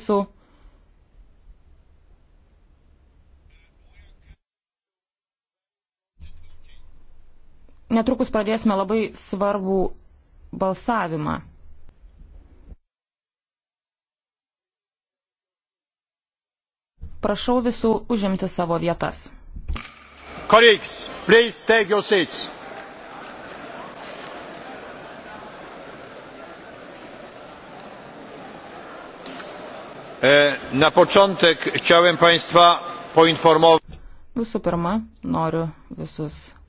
su Netrukus pradėsime labai svarbų balsavimą. Prašau visų užimti savo vietas. Colleagues, please take your seats. E, na początek chciałem Państwa poinformować. Visų pirma, noriu visus